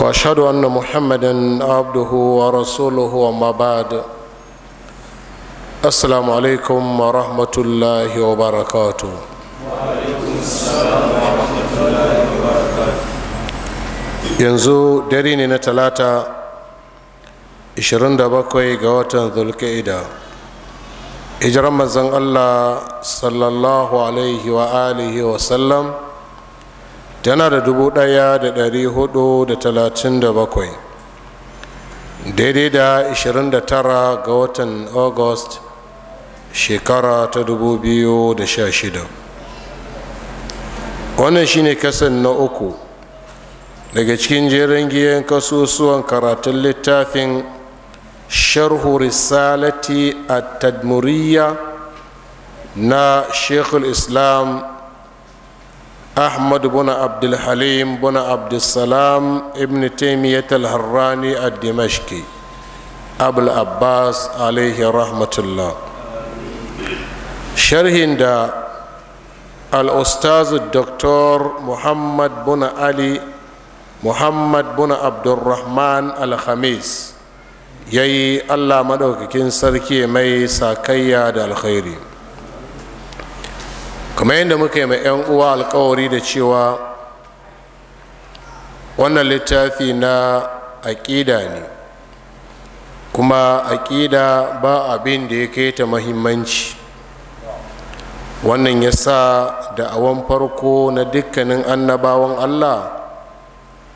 واشهد ان محمدا عبده ورسوله وما بعد السلام عليكم ورحمه الله وبركاته وعليكم السلام ورحمه الله وبركاته yanzu dare ne na talata 27 ga watan zulkaida hijiran manzon allah sallallahu alaihi wa alihi wa sallam tana da dubu ɗaya da ɗari hudu da talatin da bakwai daidai da tara ga watan august shekara ta dubu biyu da sha shida. wannan shine kasan na uku daga cikin jerin giyan kasusuwan karatun littafin sharhu risalati a tadmuriya na shekul islam أحمد بن عبد الحليم بن عبد السلام ابن تيمية الهراني الدمشقي أبو العباس عليه رحمة الله شرح دا الأستاذ الدكتور محمد بن علي محمد بن عبد الرحمن الخميس يي الله مدوككين سركي مي ساكيا دا الخيرين kamar yadda muka yi mai 'yan uwa alkawari da cewa wannan littafi na aƙida ne kuma aƙida ba abin da ya kai ta mahimmanci wannan ya sa da awon farko na dukkanin annabawan allah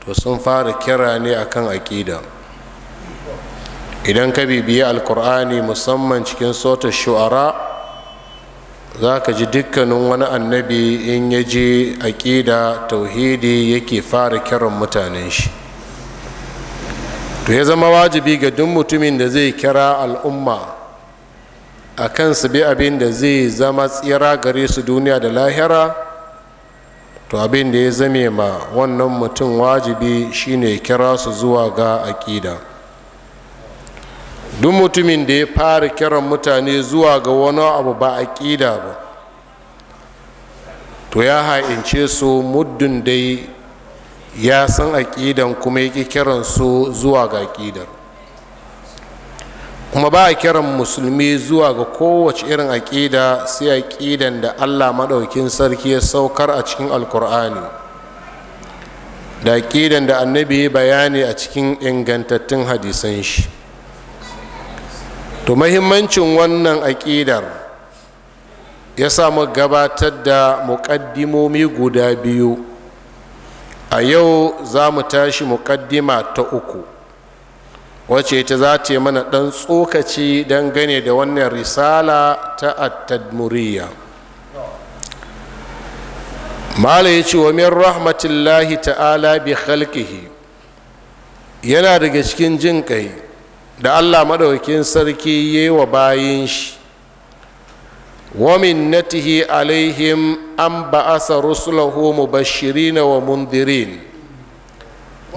to sun fara kira ne akan aƙida idan ka bibiyi alkur'ani musamman cikin sotar shu'ara za ka ji dukkanin wani annabi in ya je aƙida tauhidi yake fara kiran mutanen shi to ya zama wajibi ga duk mutumin da zai kira al'umma a kan su bi abin da zai zama tsira gare su duniya da lahira to abin da ya zame ma wannan mutum wajibi shine kira su zuwa ga aƙida duk mutumin da ya fara kiran mutane zuwa ga wani abu ba a ƙida ba to ya ha'ince su muddin dai ya san aƙidan kuma ya ƙi kiran su zuwa ga aƙidar kuma ba a kiran musulmi zuwa ga kowace irin aƙida sai aƙidan da allah maɗaukin sarki ya saukar a cikin alkur'ani da aƙidan da annabi ya bayani a cikin ingantattun hadisan shi to mahimmancin wannan aƙidar ya samu gabatar da muƙaddimomi guda biyu a yau za mu tashi muƙaddima ta uku wacce ta za ta yi mana ɗan tsokaci dangane da wannan risala ta attadmuriya mala ya ce wa min rahmatillahi ta'ala bi khalqihi yana daga cikin jin ƙai da allah maɗaukin sarki yi wa bayan shi wamin natihi alaihim an ba'asa rusulahu mubashirina wa mundirin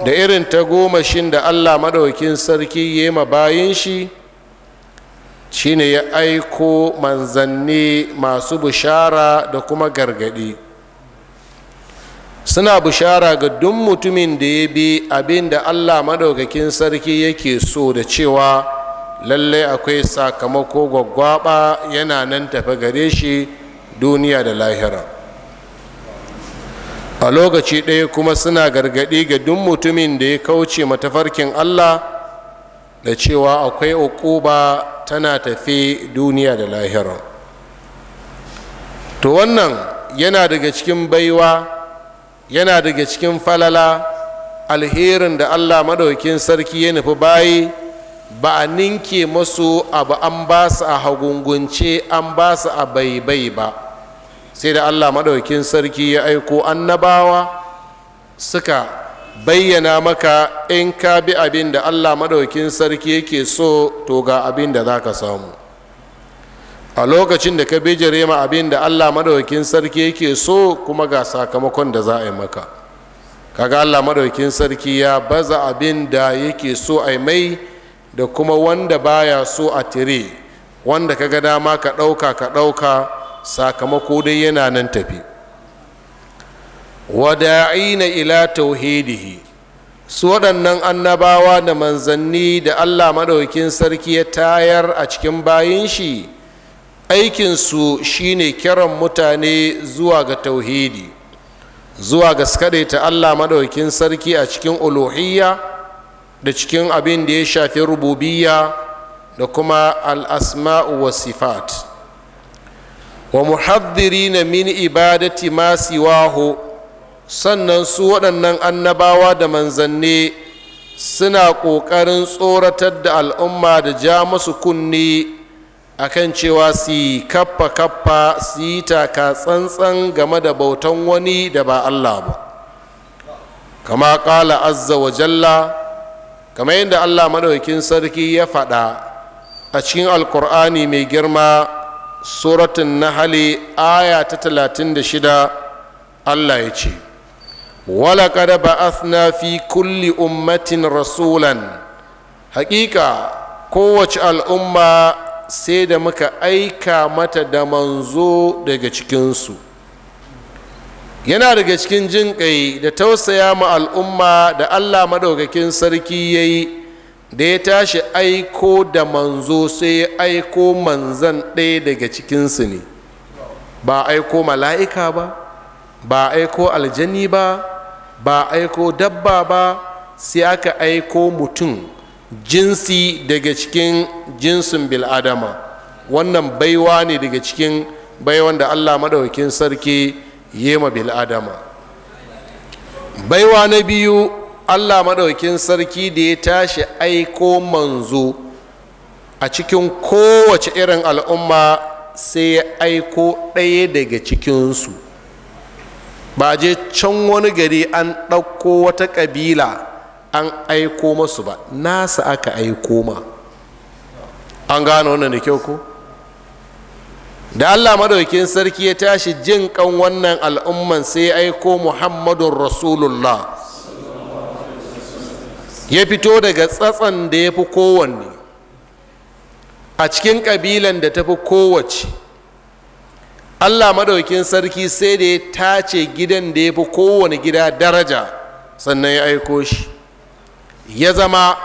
da irin ta gomashin da allah maɗaukin sarki yi ma bayan shi shine ya aiko manzanni masu bishara da kuma gargaɗi suna bishara ga duk mutumin da ya bi abin da allah maɗaukakin sarki yake so da cewa lallai akwai sakamako gwaggwaba yana nan tafi gare shi duniya da lahira a lokaci ɗaya kuma suna gargaɗi ga duk mutumin da ya kauce matafarkin allah da cewa akwai uquba tana tafi duniya da lahira to wannan yana daga cikin baiwa yana daga cikin falala alherin da allah maɗaukin sarki ya nufi bayi ba a ninke masu abu an ba su a hagungunce an ba su a baibai ba sai da allah maɗaukin sarki ya aiko annabawa suka bayyana maka in ka bi abin da allah maɗaukin sarki yake so to ga abin da za ka samu a lokacin da ka bi ma abin da allah madaukin sarki yake so kuma ga sakamakon da za a yi maka kaga allah madaukin sarki ya baza abin da yake so a mai da kuma wanda baya so a tire wanda ka ga dama ka ɗauka ka ɗauka sakamako dai yana nan tafi wada'ina ila tauhidihi su waɗannan annabawa da manzanni da allah maɗaukin sarki ya tayar a cikin bayin shi aikinsu shine kiran mutane zuwa ga tauhidi zuwa ga ta allah maɗaukin sarki a cikin uluhiyya da cikin abin da ya shafi rububiyya da kuma al'asma'u wa sifat wa muhaddiri na min ibadati ma siwahu sannan su waɗannan annabawa da manzanni suna ƙoƙarin tsoratar da al'umma da ja musu kunni akan cewa su yi kaffa kaffa su yi taka tsantsan game da bautan wani da ba Allah ba kama ƙala azza wa jalla kama yadda Allah maɗaukin sarki ya faɗa a cikin alkur'ani mai girma suratun nahali aya ta talatin da shida Allah ya ce walaƙada ba'athna fi kulli ummatin rasulan haƙiƙa kowace al'umma sai da muka aika mata da manzo daga cikinsu yana daga cikin jin ƙai da tausaya ma al'umma da allah maɗaukakin sarki ya yi da ya tashi aiko da manzo sai ya aiko manzan ɗaya daga cikinsu ne ba aiko mala'ika ba ba aiko aljani ba ba aiko dabba ba sai aka aiko mutum jinsi daga cikin jinsin bil'adama wannan baiwa ne daga cikin baiwan da allah maɗaukin sarki ma bil'adama baiwa na biyu allah maɗaukin sarki da ya tashi aiko manzo a cikin kowace irin al'umma sai ya aiko ɗaya daga cikinsu ba je can wani gari an ɗauko wata ƙabila an aiko masu ba nasa aka aiko ma an gano wannan da kyau ko da allah madaukin sarki ya tashi jin kan wannan al'umman sai ya aiko muhammadun rasulullah ya fito daga tsatsan da ya fi kowanne a cikin kabilan da ta fi kowace allah madaukin sarki sai da ya tace gidan da ya fi kowane gida daraja sannan ya aiko shi ya zama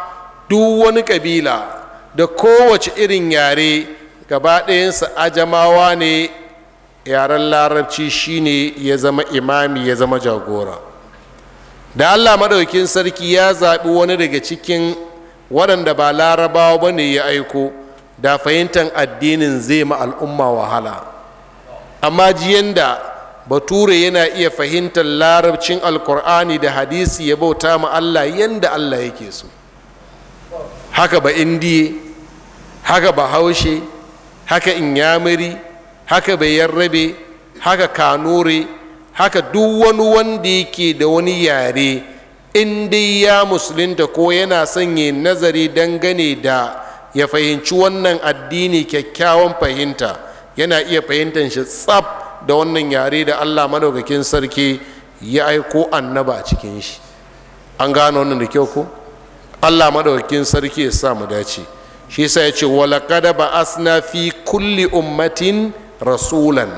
duk wani kabila da kowace irin yare gaba ɗayansa ajamawa ne yaren larabci shine ya zama imami ya zama jagora da allah maɗaukin sarki ya zaɓi wani daga cikin waɗanda ba larabawa ba ne ya aiko da fahimtar addinin zai ma al'umma wahala amma jiyan da bature yana iya fahimtar larabcin alkur'ani da hadisi ya bauta ma allah yadda allah yake so haka ba indiye haka ba haushe haka inyamiri haka ba yarrabe haka kanure haka duk wani wanda yake da wani yare in dai ya musulunta ko yana sanya nazari dangane da ya fahimci wannan addini kyakkyawan fahimta yana iya fahimtar shi tsab da wannan yare da allah madaukakin sarki ya aiko annaba a cikin shi an gano wannan da kyau ko allah madaukakin sarki ya sa mu dace shi yasa ya ce walakada ba asna fi kulli ummatin rasulan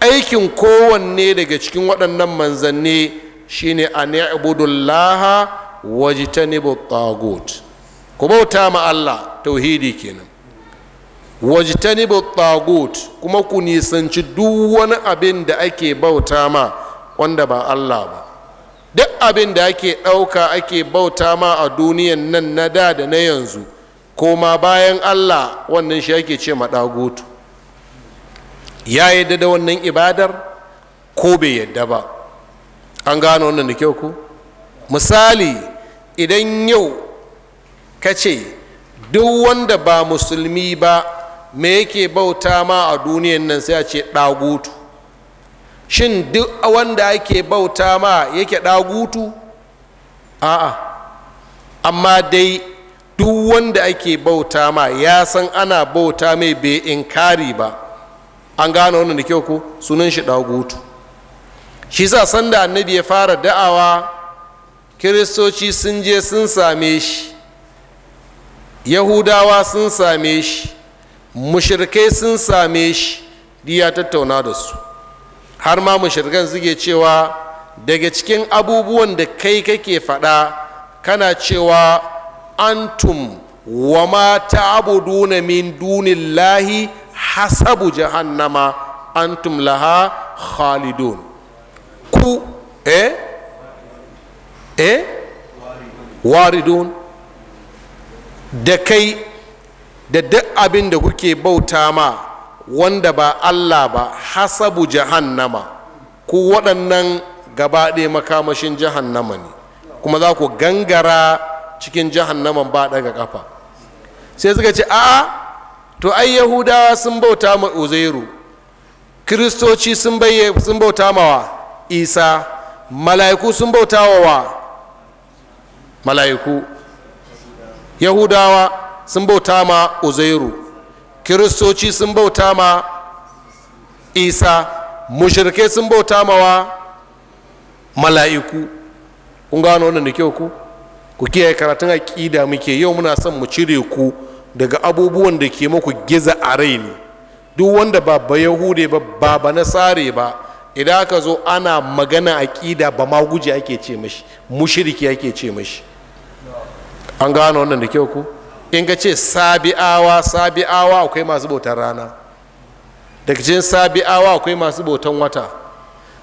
aikin kowanne daga cikin waɗannan manzanni shine a ni'budullaha wajtanibu tagut ku bauta ma allah tauhidi kenan wajtanibu tagut kuma ku nisanci duk wani abin da ake bauta ma wanda ba Allah ba duk abin da ake ɗauka ake bauta ma a duniyan nan na da da na yanzu koma bayan Allah wannan shi ake ce maɗagutu ya yadda da wannan ibadar ko bai yadda ba an gano wannan da kyau ku misali idan yau ka ce duk wanda ba musulmi ba me yake bauta ma a duniyan nan sai a ce ɗagutu shin duk wanda ake bauta ma yake ɗagutu a'a amma dai duk wanda ake bauta ma ya san ana bauta mai bai inkari ba an gane wannan da kyau ko sunan shi ɗagutu shi sa sanda annabi ya fara da'awa kiristoci sun je sun same shi yahudawa sun same shi mushirkai sun same shi ya tattauna da su har ma mushirkan suke cewa daga cikin abubuwan da kai kake faɗa kana cewa antum wa ma ta'buduna min dunillahi hasabu jahannama antum laha khalidun ku eh eh waridun da kai da duk abin da kuke bauta ma wanda ba allah ba hasabu jahannama ku waɗannan gaba ɗaya makamashin jahannama ne kuma za ku gangara cikin jahannaman ba daga kafa. sai suka ce a to ai yahudawa sun bauta ma uzairu kiristoci sun bauta wa isa mala'iku sun bauta wa mala'iku yahudawa sun bauta ma uzairu kiristoci sun bauta ma isa mushirke sun bauta ma wa mala'iku kun gano wannan da kyau ku ku kiyaye karatun aƙida muke yau muna son mu cire ku daga abubuwan da ke muku giza a rai ne duk wanda ba ba yahude ba ba ba nasare ba idan aka zo ana magana aƙida ba ma guje ake ce mashi mushiriki ake ce mashi an gano wannan da kyau ku in ga ce sabi'awa sabi'awa akwai masu bautan rana daga cikin sabi'awa akwai masu bautan wata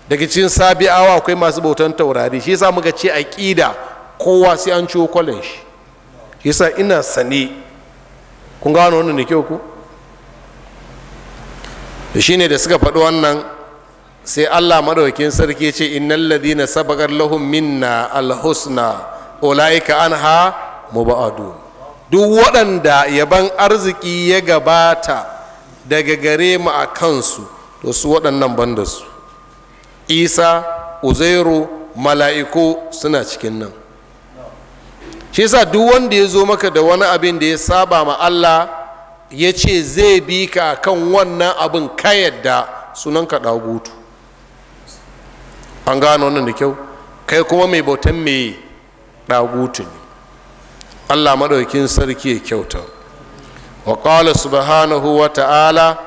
daga cikin sabi'awa akwai masu bautan taurari shi yasa muka ce aqida kowa sai an ciwo kwalin shi shi yasa ina sane kun gano wannan da kyau ku da shine da suka faɗi wannan sai Allah madaukakin sarki ce innal ladina sabaqar lahum minna alhusna ulaika anha muba'adun. duk waɗanda yaban arziki ya gabata daga gare mu a kansu to su waɗannan banda su isa uzairu mala'iku suna cikin nan shi yasa duk wanda ya zo maka da wani abin da ya saba ma allah ya ce zai bi ka kan wannan abin ka yadda sunan ka an gano wannan da kyau kai kuma mai bautan mai ɗagutu ne allah maɗaukin sarki ya kyauta wa ƙala subhanahu wa ta'ala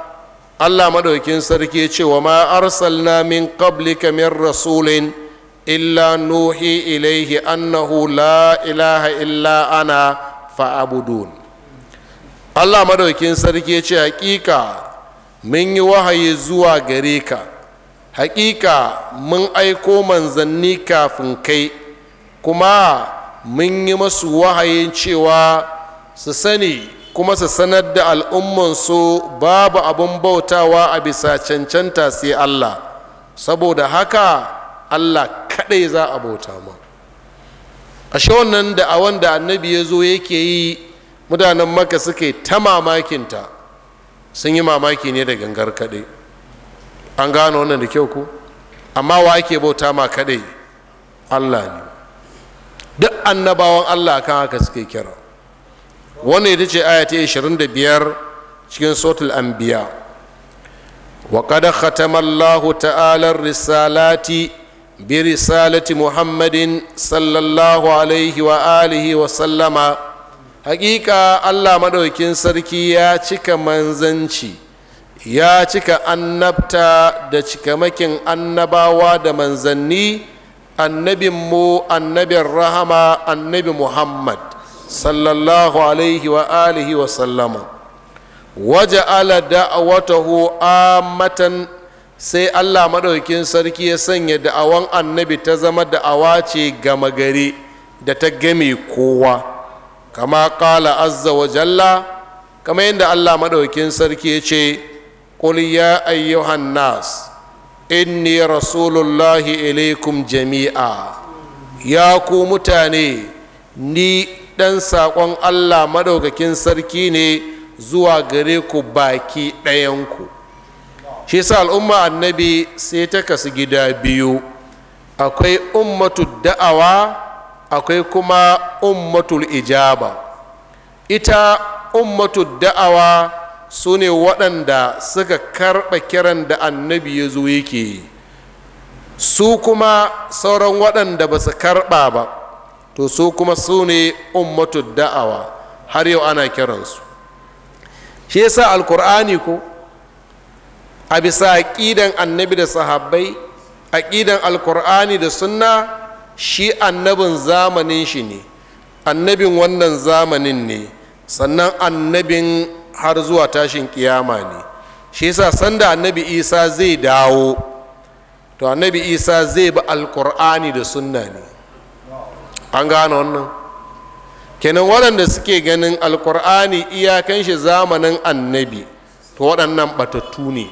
allah maɗaukin sarki ya ce wa ma arsalna min qablika min rasulin illa nuhi ilaihi annahu la ilaha illa ana fa'abudun allah maɗaukin sarki ya ce haƙiƙa mun yi wahayi zuwa gare ka haƙiƙa mun aiko manzanni kafin kai kuma mun yi masu wahayin cewa su sani kuma su sanar da al'ummansu babu abin bautawa a bisa cancanta sai Allah saboda haka Allah kaɗai za a bauta ma ashe wannan da a wanda annabi ya zo yake yi mutanen maka suke ta mamakinta sun yi mamaki ne da gangar kaɗai an gano wannan da kyau ku amma wa ake bauta ma kaɗai Allah ne duk annabawan allah kan haka suke kira wannan ita ce aya ta 25 cikin sotul anbiya wa qad khatama allah ta'ala risalati bi risalati muhammadin sallallahu alaihi wa alihi wa sallama hakika allah madaukin sarki ya cika manzanci ya cika annabta da cikamakin annabawa da manzanni annabin mu annabin rahama annabi muhammad sallallahu alaihi wa alihi wa sallama waje ala da'awatahu amatan sai allah maɗaukin sarki ya sanya da'awan annabi ta zama da'awa ce gama gari da ta game kowa kama ƙala azza wa jalla kama yadda allah maɗaukin sarki ya ce ƙul ya ayyuhan nas inni rasulullahi ilaikum jami'a ya ku mutane ni ɗan saƙon allah maɗaukakin sarki ne zuwa gare ku baki ɗayanku shi sa al'umma annabi sai ta kasu gida biyu akwai ummatu da'awa akwai kuma ummatul ijaba ita ummatu da'awa su ne waɗanda suka karɓa kiran da annabi ya zo yake yi su kuma sauran waɗanda ba su karɓa ba to su kuma su ne ummatu da'awa har yau ana kiransu shi yasa alkur'ani ko a bisa aƙidan annabi da sahabbai aƙidan alkur'ani da sunna shi annabin zamanin shi ne annabin wannan zamanin ne sannan annabin har zuwa tashin kiyama ne shi yasa sanda annabi isa zai dawo to annabi isa zai bi alkur'ani da sunna ne an gane wannan kenan waɗanda suke ganin alkur'ani iyakan shi zamanin annabi to waɗannan batattu ne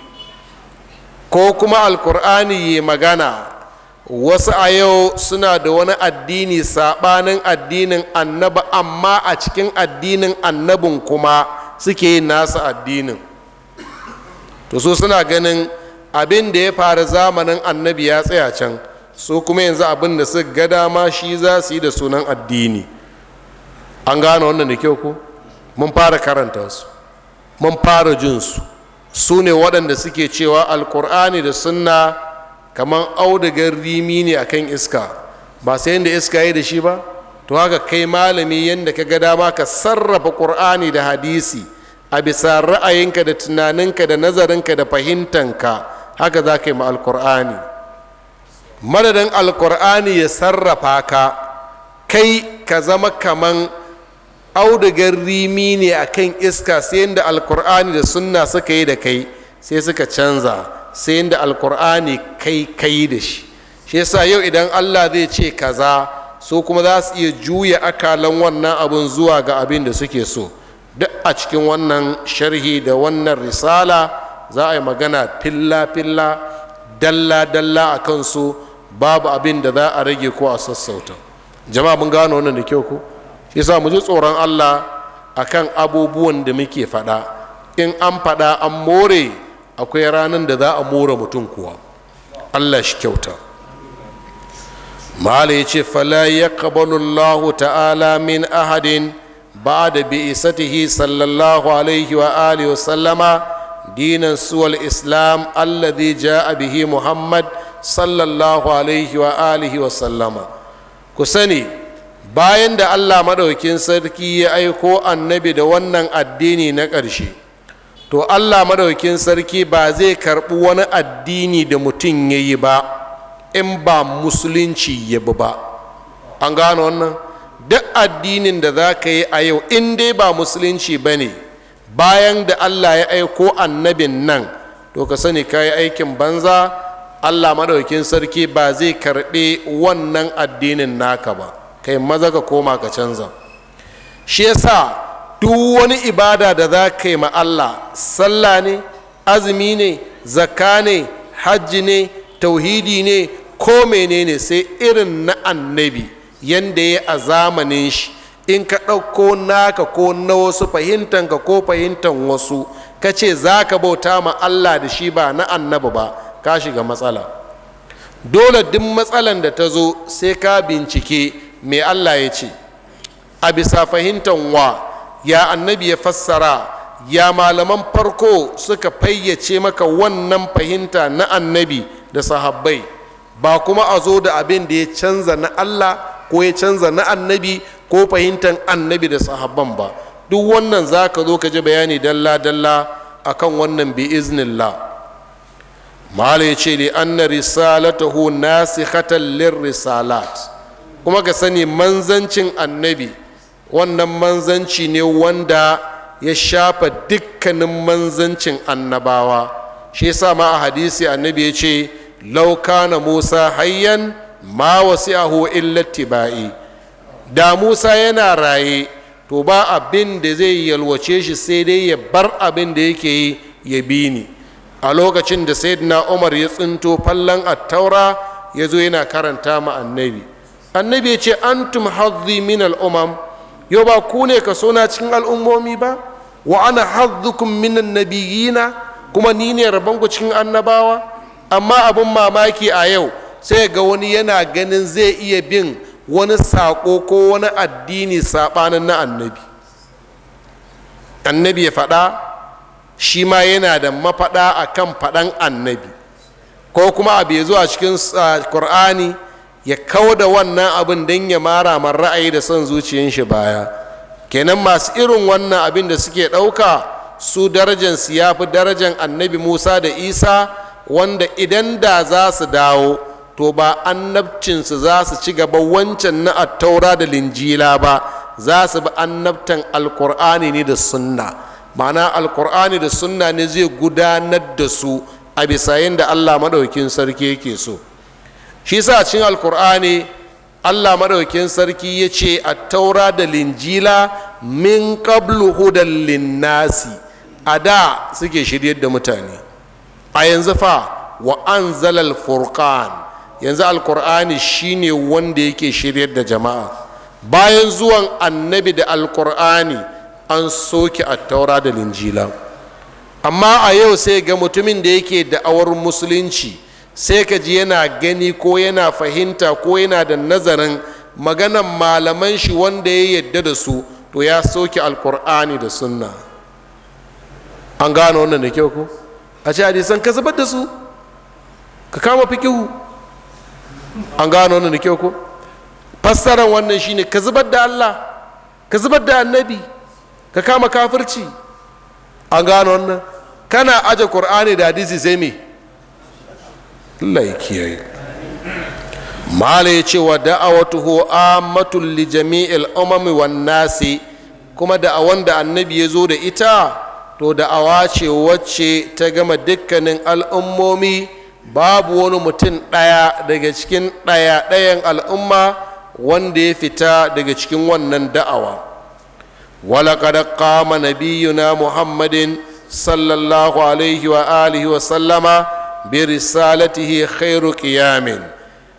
ko kuma alkur'ani ya magana wasu a yau suna da wani addini saɓanin addinin annabi amma a cikin addinin annabin kuma suke yin nasu addinin to su suna ganin abin da ya faru zamanin annabi ya tsaya can su kuma yanzu abin da su ga dama shi za su yi da sunan addini an gane wannan da kyau ko mun fara karanta su mun fara jin su su ne waɗanda suke cewa alkur'ani da sunna kamar audigar rimi ne akan iska ba sai da iska yi da shi ba to haka kai malami yadda ka ga dama ka sarrafa ƙur'ani da hadisi a bisa ra'ayinka da tunaninka da nazarinka da fahimtanka haka za ka yi ma alƙur'ani madadin alƙur'ani ya sarrafa ka kai ka zama kaman audugar rimi ne a kan iska sai yadda alkur'ani da sunna suka yi da kai sai suka canza sai yadda alkur'ani kai kai da shi shi yasa yau idan allah zai ce kaza su kuma za su iya juya akalan wannan abin zuwa ga abin da suke so duk a cikin wannan sharhi da wannan risala za a yi magana filla-filla dalla-dalla a kansu babu abin da za a rage ko a sassauta jama'a mun gano wannan da kyau ko shi sa mu ji tsoron Allah a kan abubuwan da muke faɗa in an faɗa an more akwai ranar da za a more mutum kuwa Allah shi kyauta mala ya ce fala ya kabalullahu ta'ala min ahadin ba da bi isatihi sallallahu alaihi wa alihi sallama dinan suwal islam alladhi a bihi muhammad sallallahu alaihi wa alihi wa sallama ku sani bayan da allah maɗaukin sarki ya aiko annabi da wannan addini na ƙarshe to allah maɗaukin sarki ba zai karɓi wani addini da mutum ya yi ba in ba musulunci ya bi ba an gano wannan duk addinin da za ka yi a yau in dai ba musulunci ba ne bayan da allah ya aiko annabin nan to ka sani ka yi aikin banza allah maɗaukin sarki ba zai karɓi wannan addinin naka ba kai maza ka koma ka canza shi yasa duk wani ibada da za ka yi ma allah sallah ne azumi ne zakka ne hajji ne tauhidi ne ko menene sai irin na annabi yanda ya a zamanin shi in ka ɗauko naka ko na wasu fahimtanka ko fahimtan wasu ka ce za ka bauta ma allah da shi ba na annabi ba ka shiga matsala dole duk matsalan da ta zo sai ka bincike mai allah ya ce a bisa fahimtan wa ya annabi ya fassara ya malaman farko suka fayyace maka wannan fahimta na annabi da sahabbai ba kuma a zo da abin da ya canza na Allah ko ya canza na annabi ko fahimtar annabi da sahabban ba duk wannan za ka zo ka ji bayani dalla-dalla a kan wannan bi iznillah mala ya ce li anna risalatahu nasikhatan lir risalat kuma ka sani manzancin annabi wannan manzanci ne wanda ya shafa dukkanin manzancin annabawa shi yasa ma a hadisi annabi ya ce Lauka kana musa hayan, ma wasi'ahu illa tibai da musa yana raye to ba abin da zai yalwace shi sai dai ya bar abin da yake yi ya bi ni a lokacin da sayyidina umar ya tsinto fallon attaura ya zo yana karanta ma annabi annabi ya ce antum hazzi min al'umam yau ba ku ne ka na cikin al'ummomi ba wa ana hazzukum min annabiyina kuma ni ne rabon ku cikin annabawa amma abin mamaki a yau sai ga wani yana ganin zai iya bin wani saƙo ko wani addini saɓanin na annabi annabi ya faɗa shi ma yana da mafaɗa a kan faɗan annabi ko kuma abu ya zuwa cikin ƙur'ani ya kau da wannan abin don ya mara man ra'ayi da son zuciyin shi baya kenan masu irin wannan abin da suke ɗauka su darajansu ya fi darajan annabi musa da isa wanda idan da za su dawo to ba annabcinsu za su ci gaba wancan na attaura da linjila ba za su bi annabtan alkur'ani ne da sunna ma'ana alkur'ani da sunna ne zai gudanar da su a bisa da allah maɗaukin sarki yake so shi sa cin alkur'ani allah maɗaukin sarki ya ce a taura da linjila min qablu hudan linnasi a da suke shiryar da mutane a yanzu fa wa an zalal furkan, yanzu alkur'ani shine wanda yake shiryar da jama'a bayan zuwan annabi da alkur'ani an soke a taura da linjila amma a yau sai ga mutumin da yake da'awar musulunci sai ka ji yana gani ko yana fahimta ko yana da nazarin maganan malaman shi wanda ya yadda da su to ya soke alkur'ani da sunna an gano wannan da kyau ko a ce hadisan ka zubar da su ka kama fikihu an gano wannan da kyau ko fassarar wannan shine ka zubar da allah ka zubar da annabi ka kama kafirci an gano wannan kana aje qur'ani da hadisi sai me Allah ya kiyaye mala ya ce wa da'awatuhu amatul li jami'il umami wan nasi kuma da'awan da annabi ya zo da ita to da'awa ce wacce ta gama dukkanin al'ummomi babu wani mutum ɗaya daga cikin ɗaya ɗayan al'umma wanda ya fita daga cikin wannan da'awa walaƙada kama na muhammadin sallallahu alaihi wa alihi wa sallama bi risalatihi khairu qiyamin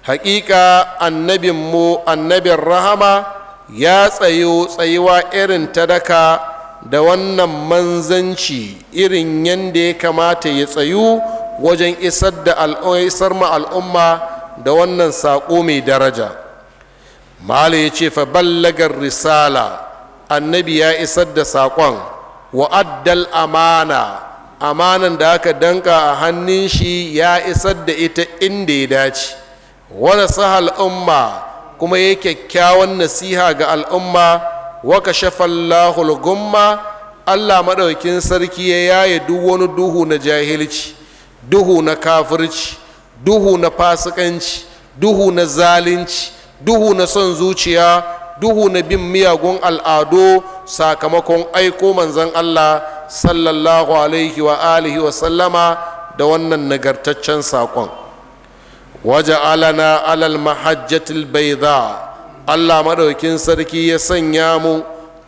haƙiƙa annabinmu annabin rahama ya tsayo tsayuwa irin ta daka da wannan manzanci irin yadda ya kamata ya tsayu wajen isar da isar ma al'umma da wannan saƙo mai daraja mala ya ce fa ballagar risala annabi ya isar da saƙon addal amana amanan da aka danka a hannun shi ya isar da ita inda ya dace wani sahal umma kuma ya kyakkyawan nasiha ga al'umma Waka kashafallahu gumma Allah maɗaukin sarki ya yaye duk wani duhu na jahilci duhu na kafirci duhu na fasikanci duhu na zalunci duhu na son zuciya duhu na bin miyagun al'adu sakamakon aiko manzan Allah sallallahu alaihi wa alihi wa sallama da wannan nagartaccen saƙon waje alana alal mahajjatil bai allah maɗaukin sarki ya sanya mu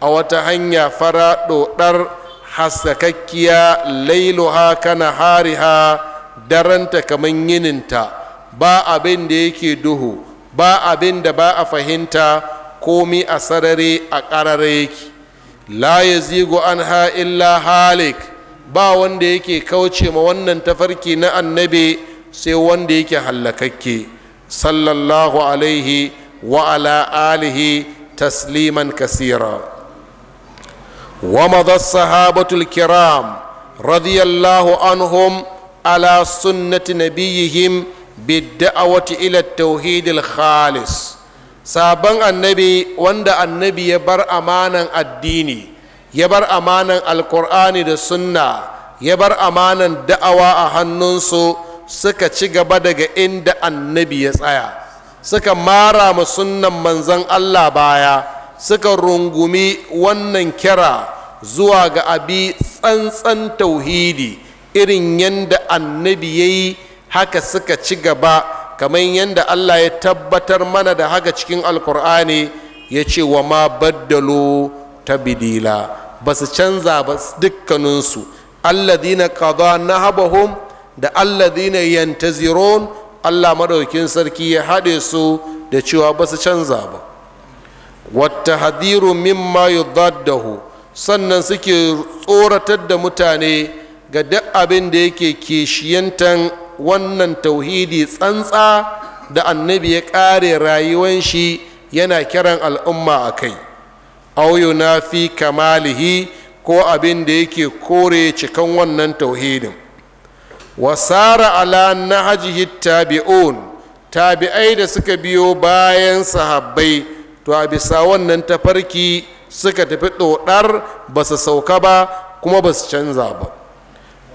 a wata hanya fara ɗoɗar haskakakkiya lailuha kana hariha daranta kamar yininta ba abin da yake duhu ba abin da ba a fahimta komi a sarare a ƙarare yake la ya zigo an ha illa halik ba wanda yake kauce ma wannan tafarki na annabi sai wanda yake hallakakke sallallahu alaihi wa ala alihi tasliman kasira wa madha sahabatul kiram radiyallahu anhum ala sunnati nabiyihim bidda'awati ila tauhidil khalis sabon annabi wanda annabi ya bar amanan addini ya bar amanan alkur'ani da sunna ya bar amanan da'awa a hannunsu suka ci gaba daga inda annabi ya tsaya suka mara ma sunnan manzan allah baya suka rungumi wannan kira zuwa ga abi tsantsan tauhidi irin yadda annabi ya yi haka suka ci gaba kamar yadda allah ya tabbatar mana da haka cikin alkur'ani ya ce wa ma baddalo ta bidila ba su canza ba dukkaninsu na qada nahabahum da alladina yantazirun allah maɗaukin sarki ya haɗe su da cewa ba su canza ba wata hadiru mimma yudaddahu sannan suke tsoratar da mutane ga duk abin da yake kishiyantan wannan tauhidi tsantsa da annabi ya ƙare rayuwan shi yana kiran al'umma a kai auyo na fi kamalihi ko abin da yake kore cikan wannan tauhidin wasara ala nahajihi tabi'un tabi'ai da suka biyo bayan sahabbai to a bisa wannan tafarki suka tafi ɗoɗar ba su sauka ba kuma ba su canza ba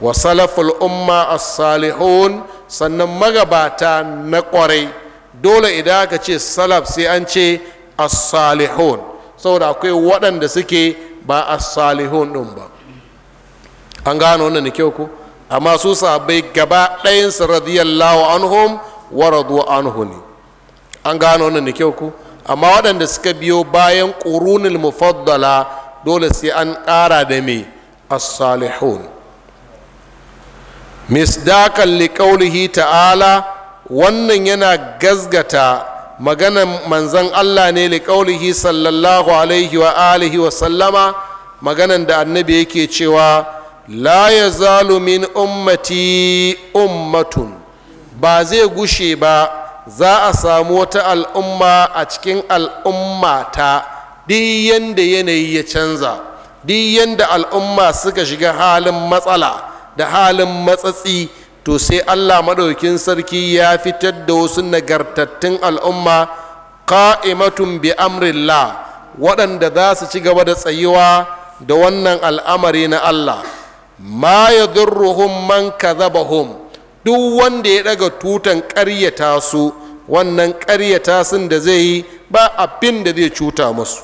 wa salaful umma as-salihun sannan magabata na ƙwarai dole idan aka ce salaf sai an ce as-salihun saboda akwai waɗanda suke ba as-salihun ɗin ba an gano wannan da kyau ko amma su sahabbai gaba ɗayansu radiyallahu anhum wa radu anhu ne an gano wannan da kyau ku amma waɗanda suka biyo bayan ƙurunin mufaddala dole sai an ƙara da me as-salihun misdakan liƙaulihi ta'ala wannan yana gazgata maganan manzan allah ne liƙaulihi sallallahu alaihi wa alihi wa sallama maganan da annabi yake cewa la ya zalumin ummati ummatun ba zai gushe ba za a samu wata al'umma a cikin al'ummata duk yanda yanayi ya canza duk yanda al'umma suka shiga halin matsala da halin matsatsi to sai allah maɗaukin sarki ya fitar da wasu nagartattun al'umma ka'imatun bi amrillah waɗanda za su ci gaba da tsayuwa da wannan al'amari na allah ma ya durruhum man kazabahum duk wanda ya daga tutan ƙaryata su wannan ƙaryata sun da zai yi ba abin da zai cuta masu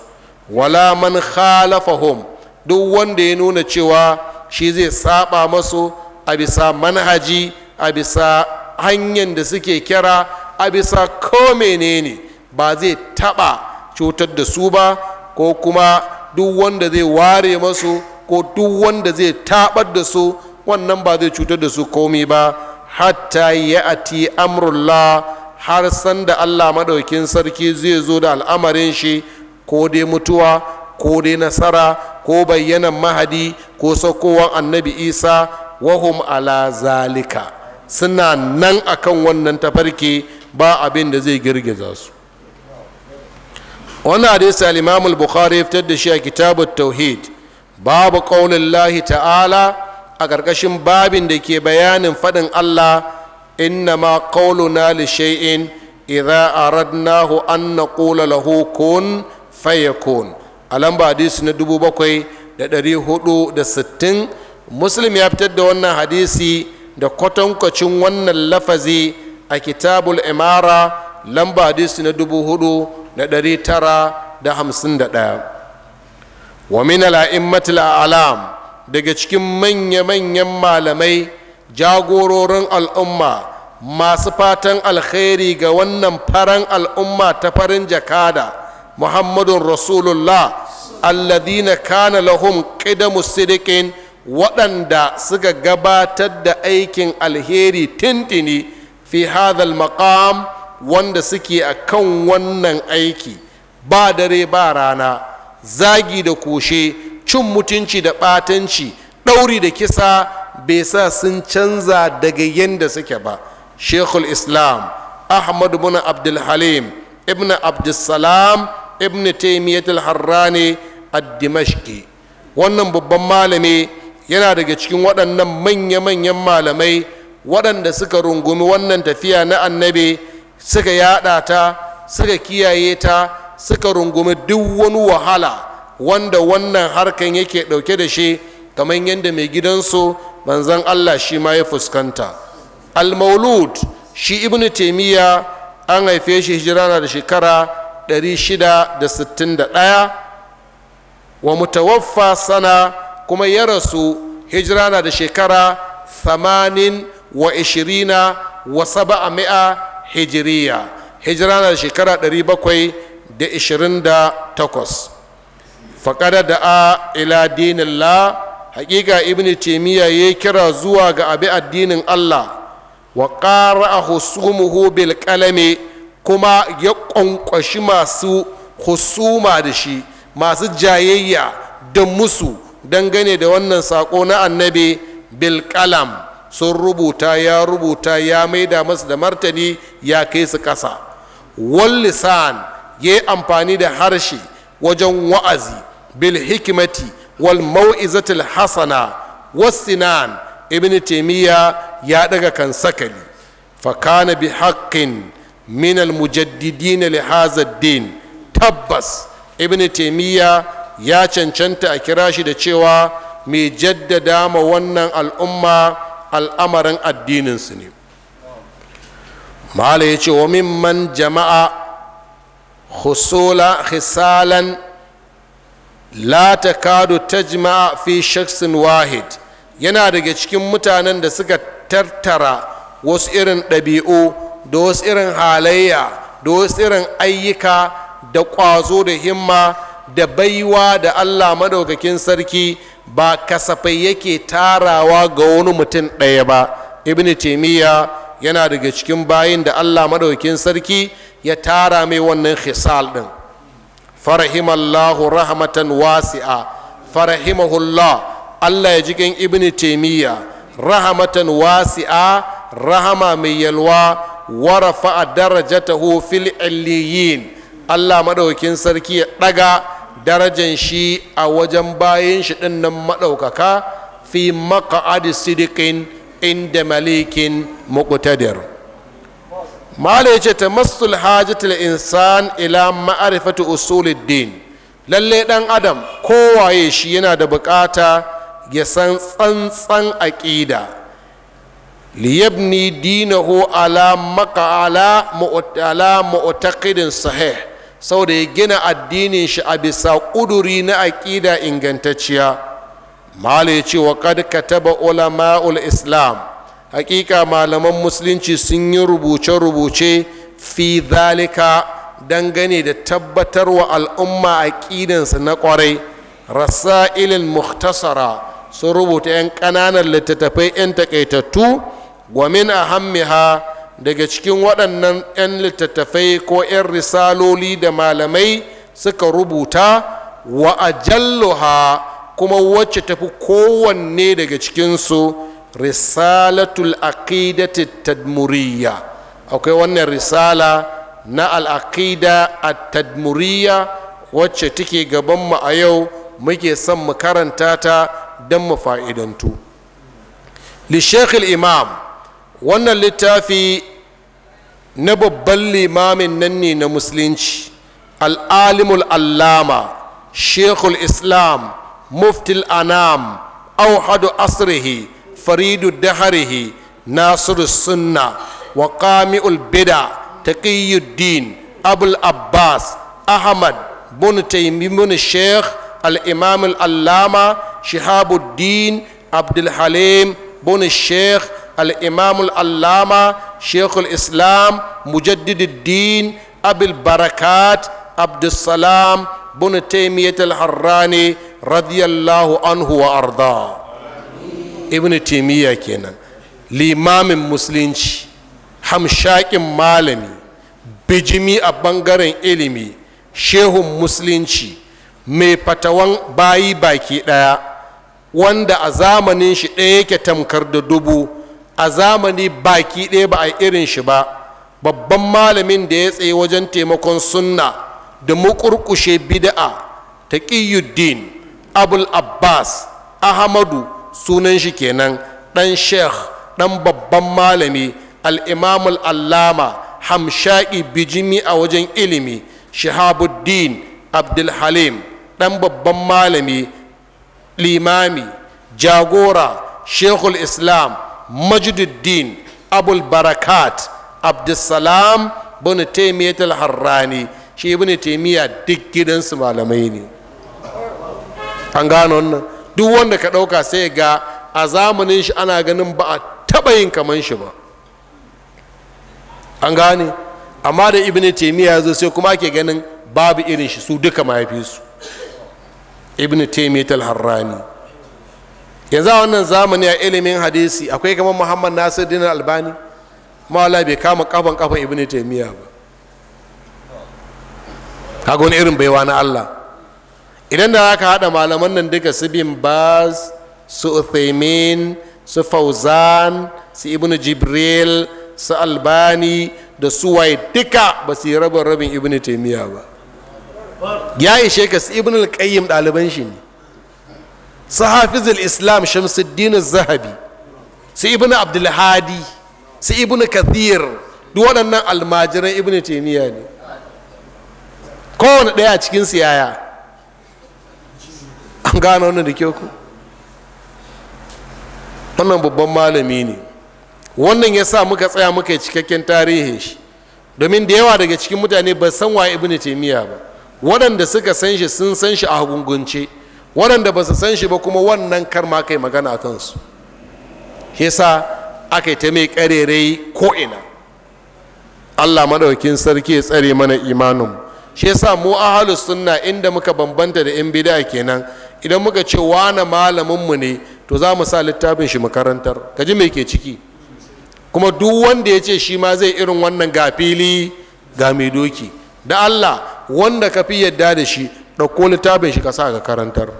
wala man khalafahum duk wanda ya nuna cewa shi zai saba masu a bisa manhaji a bisa hanyar da suke kira a bisa ko menene ba zai taba cutar da su ba ko kuma duk wanda zai ware masu ko duk wanda zai tabar da su wannan ba zai cutar da su komai ba hatta ya ati amrullah har sanda allah madaukin sarki zai zo da al'amarin shi ko dai mutuwa ko dai nasara ko bayyana mahadi ko saukowar annabi isa wahum ala zalika suna nan akan wannan tafarki ba abin da zai girgiza su wannan hadisi al-imam bukhari ya fitar da shi a kitabut tauhid babu ƙaunin lahi ta'ala a ƙarƙashin babin da ke bayanin faɗin allah inna ma ƙaununa li shay'in idza aradnahu an naqula lahu kun fayakun a lamba hadisi na dubu bakwai da ɗari hudu da sittin muslim ya fitar da wannan hadisi da kwatankwacin wannan lafazi a kitabul imara lamba hadisi na dubu hudu da ɗari tara da hamsin da ɗaya wa min al'immatul alam daga cikin manya-manyan malamai jagororin al'umma masu fatan alkhairi ga wannan faran al'umma ta farin jakada muhammadun rasulullah alladina kana lahum qidamu sidiqin waɗanda suka gabatar da aikin alheri tintini fi hadhal maqam wanda suke a kan wannan aiki ba dare ba rana zagi da kushe cin mutunci da ɓatanci ɗauri da kisa bai sa sun canza daga yadda suke ba shekul islam ahmad bin abdulhalim ibn abdulsalam ibn taimiyyat al-harrani a wannan babban malami yana daga cikin waɗannan manya-manyan malamai waɗanda suka rungumi wannan tafiya na annabi suka yaɗa ta suka kiyaye ta suka rungumi duk wani wahala wanda wannan harkan yake ɗauke da shi kamar yadda mai gidansu manzan allah shi ma ya fuskanta al-maulud shi ibn taimiyya an haife shi hijirana da shekara 661 wa mutawaffa sana kuma ya rasu hijirana da shekara 80 wa 20 wa 700 hijiriya hijirana da shekara 700 da ishirin da takwas faƙada da a ila dinin la haƙiƙa ibn taimiyya ya kira zuwa ga abi addinin allah wa ƙara a husumuhu bil kalame kuma ya ƙwanƙwashi masu husuma da shi masu jayayya da musu dangane da wannan saƙo na annabi bil sun rubuta ya rubuta ya maida masu da martani ya kai su ƙasa wallisan lisan ya yi amfani da harshe wajen wa'azi bil hikimati wal mau'izatil hasana wasinan ibn taimiyya ya daga kan sakali fakana bi haƙƙin min al li din tabbas ibn taimiyya ya cancanta a kira shi da cewa mai jaddada ma wannan al'umma al'amarin addininsu ne mahala ya ce wa mimman jama'a husula hisalan la takadu tajma'a fi shaksin wahid yana daga cikin mutanen da suka tattara wasu irin ɗabi'u da wasu irin halayya da wasu irin ayyuka da ƙwazo da himma da baiwa da allah madaukakin sarki ba kasafai yake tarawa ga wani mutum ɗaya ba ibn taimiyya yana daga cikin bayin da allah maɗaukin sarki ya tara mai wannan khisal ɗin farahimallahu rahmatan wasi'a farahimahullah allah ya jikin ibn taimiyya rahmatan wasi'a rahama mai yalwa warafa a darajatahu fil alliyin allah maɗaukin sarki ya ɗaga darajan shi a wajen bayan shi ɗin nan maɗaukaka fi maka'adi sidikin inda malikin muqtadir ce ta tamassul hajatul insan ila ma'rifati usuluddin lalle dan adam kowaye shi yana da bukata ya san tsantsan aqida liyabni dinahu ala maqala mu'tala mu'taqidin sahih saboda ya gina addinin shi a bisa ƙuduri na aƙida ingantacciya mala ya ce wa kad kataba ulama'ul islam hakika malaman musulunci sun yi rubuce-rubuce fi zalika dangane da tabbatarwa al'umma aƙidansu na ƙwarai rasa'ilin muhtasara sun rubuta 'yan ƙananan littattafai 'yan takaitattu gwamin a ha, daga cikin waɗannan 'yan littattafai ko 'yan risaloli da malamai suka rubuta wa ajalluha kuma wacce tafi kowanne daga cikinsu risalatul aqidati tadmuriya. akwai wannan risala na al'aqida a tadmuriya wacce take gabanmu a yau muke son mu karanta ta don mu fa'idantu imam wannan littafi na babban limamin nan ne na musulunci al'alimul allama shekul islam muftil anam auhadu asrihi faridu daharihi nasiru sunna wa qami'ul bida taqiyuddin abul abbas ahmad bin taymimun sheikh al-imam al-allama shihabuddin abdul halim bin sheikh الإمام العلامة شيخ islam مجدد din abul barakat عبد salam. bin taimiyyat al-harrani radiyallahu anhu wa arda ibn taimiyya kenan limamin musulunci hamshakin malami bijimi a bangaren ilimi shehun musulunci mai fatawan bayi baki ɗaya wanda a zamanin shi ɗaya yake tamkar da dubu a zamani baki ɗaya ba a irin shi ba babban malamin da ya tsaye wajen taimakon sunna da mukurkushe bid'a taqiyuddin abul abbas ahmadu sunan shi kenan dan sheikh dan babban malami al allama hamshaki bijimi a wajen ilimi shahabuddin abdulhalim dan babban malami limami jagora shekul islam majududdin abul barakat abdulsalam bin taimiyatul harrani shi ibn taimiyya duk gidansu malamai ne an gano wannan duk wanda ka ɗauka sai ga a zamanin shi ana ganin ba a taɓa yin kaman shi ba an gane amma da ibn taimiyya zai sai kuma ke ganin babu irin shi su duka mahaifinsu ibn taimiyya talharrani yanzu a wannan zamani a ilimin hadisi akwai kamar muhammad nasir dinar albani kuma bai kama kafan kafan ibn taimiyya ba kaga wani irin baiwa na Allah idan da aka haɗa malaman nan duka su bin baz su uthaymin su fauzan su ibnu jibril su albani da su waye duka ba su yi rabin rabin ibnu taimiyya ba ya ishe ka su ibnu alƙayyim ɗaliban shi ne su hafizul islam shamsuddin zahabi su ibnu abdulhadi su ibnu kathir duk waɗannan almajiran ibnu taimiyya ne kowane ɗaya a cikin siyaya an gano wannan da kyau ku wannan babban malami ne wannan ya sa muka tsaya muka yi cikakken tarihin shi domin da yawa daga cikin mutane ba san wa ibn taimiyya ba waɗanda suka san shi sun san shi a hagungunce waɗanda ba su san shi ba kuma wannan karma kai magana a kansu shi sa aka yi ta mai ƙarerai ko'ina allah maɗaukin sarki ya tsare mana imanin shi yasa mu ahalus sunna inda muka bambanta da yan bid'a kenan idan muka ce wani malamin mu ne to za mu sa littafin shi makarantar ka ji me ke ciki kuma duk wanda ya ce shi ma zai irin wannan ga fili ga mai doki da Allah wanda ka fi yadda da shi ɗauko littafin shi ka sa ka karantar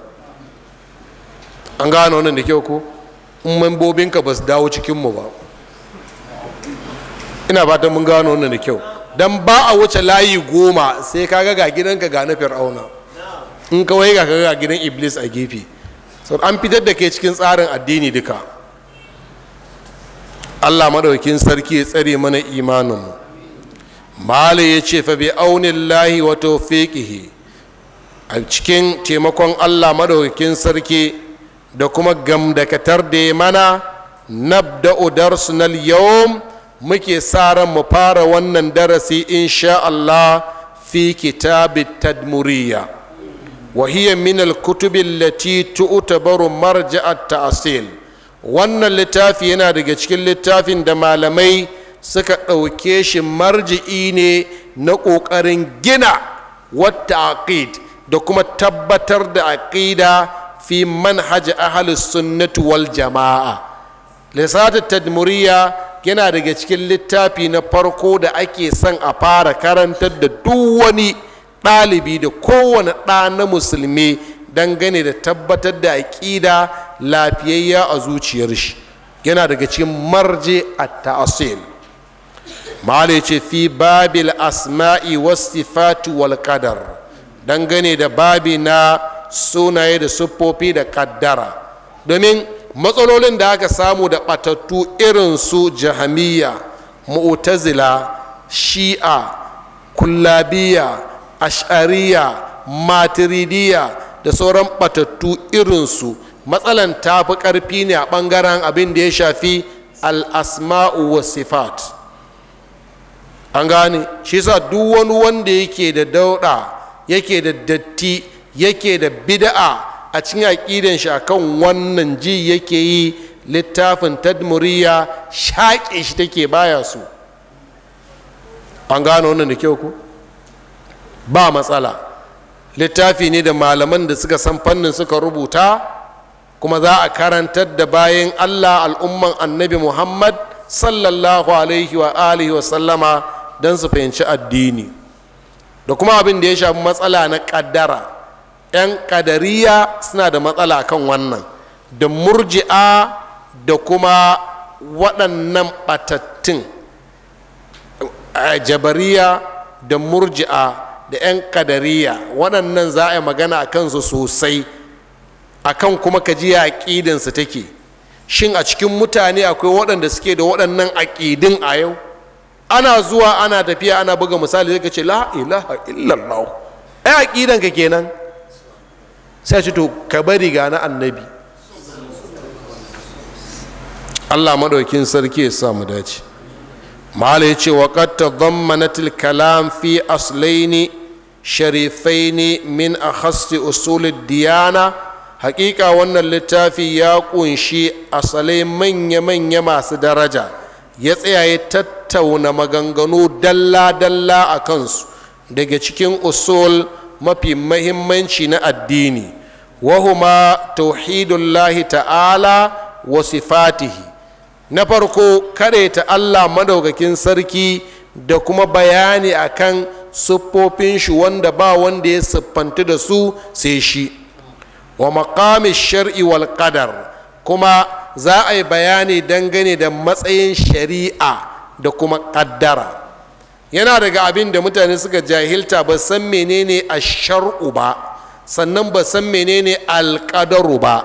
an gano wannan da kyau ko in membobinka ba su dawo cikinmu ba ina fatan mun gano wannan da kyau dan ba a wuce layi goma sai ka ga gidanka ga na fir'auna in kawai ga ga gidan iblis a gefe so an fitar da ke cikin tsarin addini duka allah madaukin sarki ya tsare mana imaninmu malu ya ce fa bi aunin lahi wato fekihi a cikin taimakon allah madaukin sarki da kuma gamdakatar da ya mana nabda'u darsunal yawm muke sa ran mu fara wannan darasi insha Allah fi kitabit tadmuriya wa hiya min al-kutub allati tu'tabaru marja'at ta'sil wannan littafi yana daga cikin littafin da malamai suka ɗauke shi marji'i ne na ƙoƙarin gina wata aqid da kuma tabbatar da aqida fi manhaj ahlus sunnati wal jama'a lisatat tadmuriya yana daga cikin littafi na farko da ake son a fara karantar da duk wani ɗalibi da kowane ɗa na musulmi dangane da tabbatar da aƙida lafiyayya a zuciyar shi yana daga cikin marje a ta'asil mahala ce fi babil asma'i wasu wal qadar dangane da babi na sunaye da siffofi da kaddara domin matsalolin da aka samu da ɓatattu irinsu su jahamiya mu'tazila shi'a kullabiya ash'ariya matiridiya da sauran ɓatattu irinsu matsalan ta fi ƙarfi ne a ɓangaren abin da ya shafi al'asma'u wa sifat an gane shi sa duk wani wanda yake da dauɗa yake da datti yake da bida'a a cikin aƙidan shi akan wannan ji yake yi littafin tadmuriya shaƙe shi take baya su an gano wannan da kyau ku ba matsala littafi ne da malaman da suka san fannin suka rubuta kuma za a karantar da bayan allah al'umman annabi muhammad sallallahu alaihi wa alihi wa sallama don su fahimci addini da kuma abin da ya shafi matsala na ƙaddara 'yan kadariya suna da matsala kan wannan da murji'a da kuma waɗannan batattun jabariya da murji'a da 'yan kadariya waɗannan za a yi magana a kansu sosai a kan kuma kajiya aƙidansu take shin a cikin mutane akwai waɗanda suke da waɗannan aƙidin a yau ana zuwa ana tafiya ana buga misali zai ka ce la ilaha illallah ai aƙidanka kenan sai ce to ka bari ga na annabi allah maɗaukin sarki ya sa dace mala ya ce waƙatta ta zammanatil kalam fi aslaini sharifaini min a hasti usulid diyana Haƙiƙa wannan littafi ya ƙunshi asalai manya-manya masu daraja ya tsaya tattauna maganganu dalla-dalla a kansu daga cikin usul mafi mahimmanci na addini wahuma tauhidullahi ta'ala wa sifatihi na farko ta allah madaukakin sarki da kuma bayani akan siffofin shi wanda ba wanda ya siffanta da su sai shi wa makamin shar'i wal qadar kuma za a yi bayani dangane da matsayin shari'a da kuma kaddara. yana daga abin da mutane suka jahilta ba san menene a shar'u ba sannan ba san menene alƙadaru ba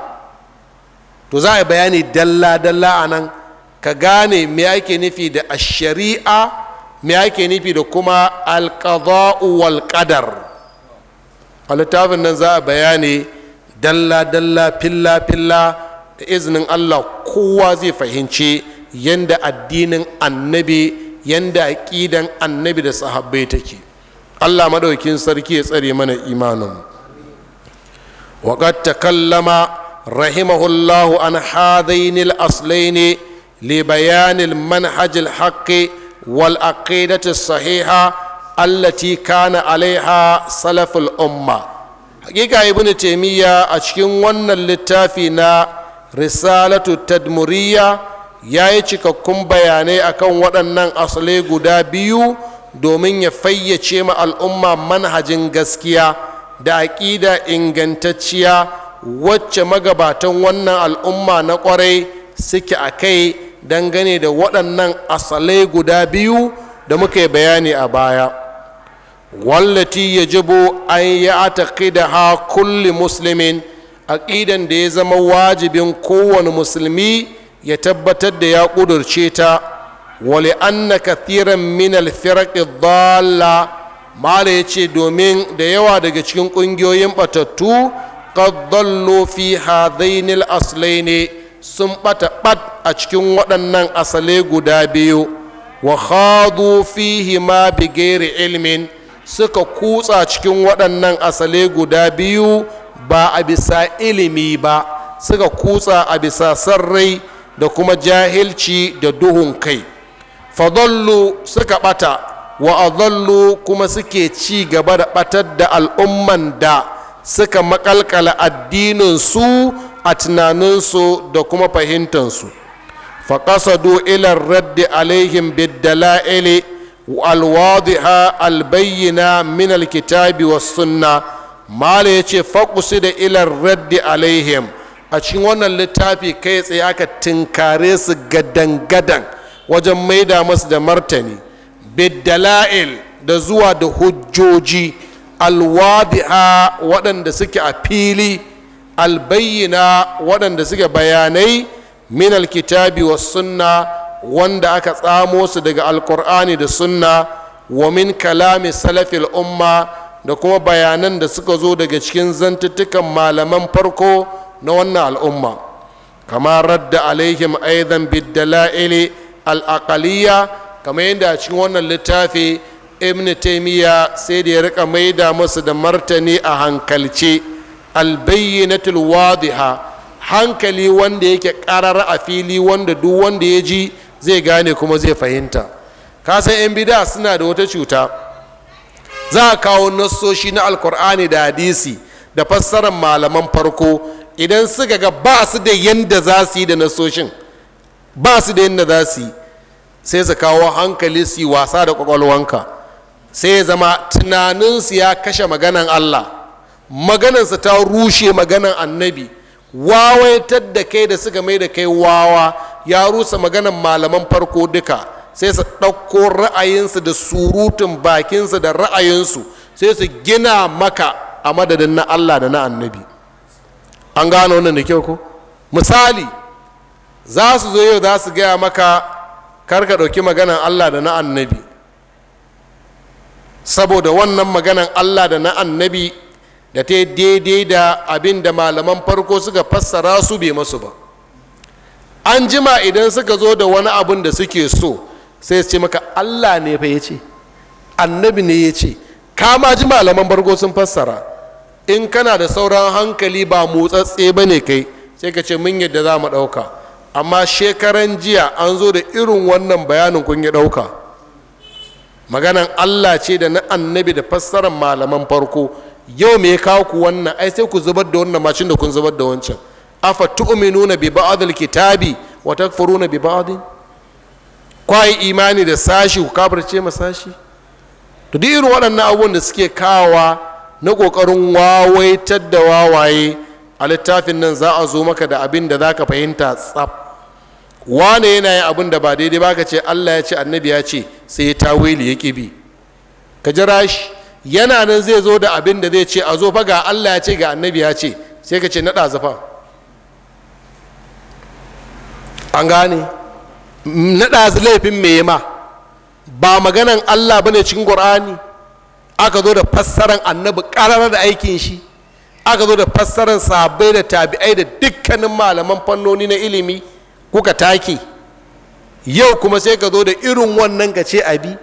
to za a yi bayani dalla-dalla a nan ka gane me ake nufi da a shari'a me ake nufi da kuma alƙada'u wal ƙadar a littafin nan za a bayani dalla-dalla filla-filla da izinin allah kowa zai fahimci yadda addinin annabi yanda aƙidan annabi da sahabbai take Allah maɗaukin sarki ya tsare mana imanin wa kallama, takallama rahimahullahu an hadainil aslaini li bayan manhajil manhaj wal aqidati sahiha allati kana alaiha salaful umma hakika ibnu taymiya a cikin wannan littafi na risalatu tadmuriyya ya yi cikakkun bayanai akan waɗannan asalai guda biyu domin ya fayyace ma al'umma manhajin gaskiya da aƙida ingantacciya wacce magabatan wannan al'umma na ƙwarai suke a kai dangane da waɗannan asalai guda biyu da muka yi bayani a baya wallati ya jibo an yi a da ha kulli musulmin aƙidan da ya zama wajibin kowane musulmi ya tabbatar da ya ƙudurce ta wali anna kathiran min alfiraqi dhalla mala ce domin da yawa daga cikin ƙungiyoyin batattu qad dallu fi hadain al ne sun ɓata ɓat a cikin waɗannan asale guda biyu wa khadu fihi ma bi ilmin suka kutsa cikin waɗannan asale guda biyu ba a bisa ilimi ba suka kutsa a bisa sarrai da kuma jahilci da duhun kai fadallu suka bata wa adallu kuma suke ci gaba da batar da al'umman da suka makalkala addininsu a tunaninsu da kuma fahimtansu faƙasadu ilar raddi alaihim biddala'ili alwadiha albayyina min alkitabi was sunna mala ya ce faƙusi da ilar raddi alaihim a cikin wannan littafi kai tsaye aka tinkare su gadan-gadan wajen maida masu da martani biddala'il da zuwa da hujjoji alwadi'a waɗanda suke a fili albayyana waɗanda suke bayanai min alkitabi wa sunna wanda aka tsamo su daga alkur'ani da sunna wa min kalami salafil umma da kuma bayanan da suka zo daga cikin zantuttukan malaman farko na wannan al'umma kamar radda alaihim aidan biddala'ili al'aqaliya kamar yadda a cikin wannan littafi ibn taimiyya sai da ya rika maida musu da martani a hankalce albayyinatul wadiha hankali wanda yake karar a fili wanda duk wanda ya ji zai gane kuma zai fahimta kasan 'yan bida suna da wata cuta za a kawo nassoshi na alkur'ani da hadisi da fassarar malaman farko idan suka ga ba su da yadda za su yi da nasoshin ba su da yadda za su yi sai su kawo hankali su yi wasa da kwakwalwanka sai zama tunaninsu ya kashe maganan allah maganansa ta rushe maganan annabi wawaitar da kai da suka mai da kai wawa ya rusa maganan malaman farko duka sai su ɗauko ra'ayinsu da surutun bakinsu da ra'ayinsu sai su gina maka a madadin na allah da na annabi an gano wannan da kyau ko misali za su zo yau za su gaya maka karka ɗauki maganan allah da na annabi saboda wannan maganan allah da na annabi da ta daidai da abin da malaman farko suka fassara su bai masu ba an jima idan suka zo da wani abin da suke so sai su ce maka allah ne fa ya ce annabi ne ya ce kama ji malaman farko sun fassara in kana da sauran hankali ba motsatse ba ne kai sai ka ce mun yadda za mu ɗauka amma shekaran jiya an zo da irin wannan bayanin kun yi ɗauka maganan allah ce da na annabi da fassarar malaman farko yau me kawo ku wannan ai sai ku zubar da wannan macin da kun zubar da wancan afa tu'minuna bi ba'dil kitabi wa takfuruna bi ba'd kwai imani da sashi ku kafirce ma sashi to duk irin waɗannan abubuwan da suke kawowa. na ƙoƙarin wawaitar da wawaye a littafin nan za a zo maka da abin da za ka fahimta tsaf wane yana yin abin da ba daidai ba ka ce allah ya ce annabi ya ce sai ya tawili ya bi ka jira shi yana nan zai zo da abin da zai ce a zo fa ga allah ya ce ga annabi ya ce sai ka ce naɗa zafa an gane naɗa laifin me ma ba maganan allah bane cikin ƙur'ani aka zo da fassaran annabi ƙarar da aikin shi aka zo da fassaran sabai da tabi'ai da dukkanin malaman fannoni na ilimi kuka take yau kuma sai ka zo da irin wannan ka ce abi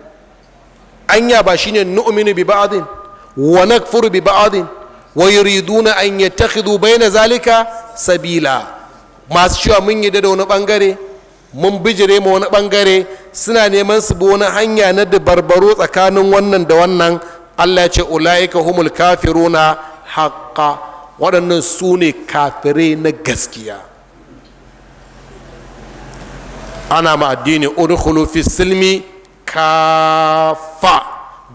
anya ba shine nu'minu bi ba'din wa nakfuru bi ba'din wa yuriduna an yattakhidhu bayna zalika sabila masu cewa mun yi da wani bangare mun bijire ma wani bangare suna neman su bi wani hanya na dabarbaro tsakanin wannan da wannan allah ya ce ula'ika humul kafiruna haƙa waɗannan su ne kafirai na gaskiya ana ma addini udkhulu fi silmi kafa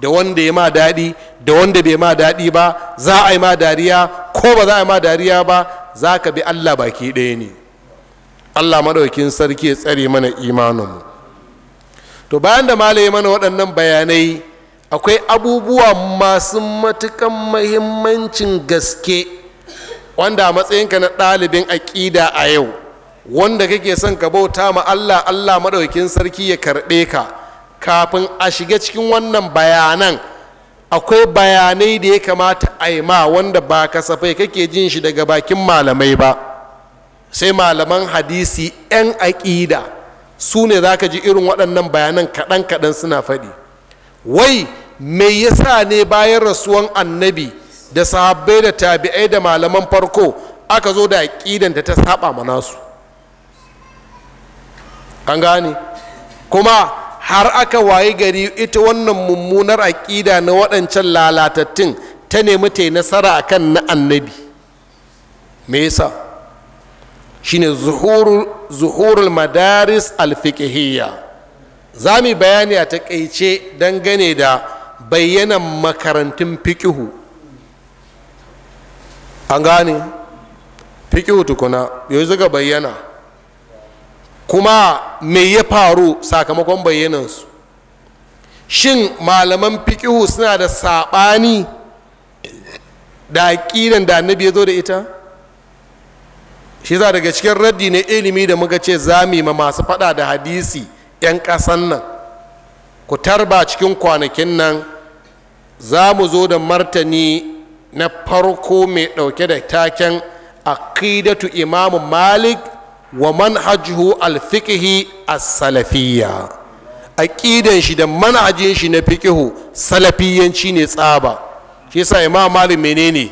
da wanda ya ma daɗi da wanda bai ma daɗi ba za a yi ma dariya ko ba za a yi ma dariya ba za ka bi allah baki ɗaya ne allah maɗaukin sarki ya tsare mana imaninmu to bayan da malaye mana waɗannan bayanai akwai abubuwa masu matukan mahimmancin gaske wanda a matsayinka na ɗalibin aƙida a yau wanda kake son ka bauta ma allah allah maɗaukin sarki ya karɓe ka kafin a shiga cikin wannan bayanan akwai bayanai da ya kamata a yi ma wanda ba kasafai kake jin shi daga bakin malamai ba sai malaman hadisi 'yan aƙida su ne za ka ji irin waɗannan bayanan kaɗan-kaɗan suna faɗi wai me yasa ne bayan rasuwan annabi da sahabbai da tabi'ai da malaman farko aka zo da aƙidan da ta saba mana su an gane kuma har aka waye gari ita wannan mummunar aƙida na waɗancan lalatattun ta nemi ta yi nasara a kan na annabi me yasa shine zuhurul madaris al-fiqhiyya za mu bayani a taƙaice dangane da bayyanan makarantun fikihu an gane fikihu tukuna yau zuga bayyana kuma me ya faru sakamakon bayyanansu shin malaman fikihu suna da saɓani da aƙinan da annabi ya zo da ita shi za daga cikin raddi na ilimi da muka ce zami ma masu faɗa da hadisi 'yan ƙasan nan ku tarba cikin kwanakin nan za mu zo da martani na farko mai ɗauke da taken aqidatu imamu malik wa manhajuhu alfikihi as-salafiyya aqidan shi da manhajin shi na fikihu salafiyanci ne tsaba shi yasa imam malik menene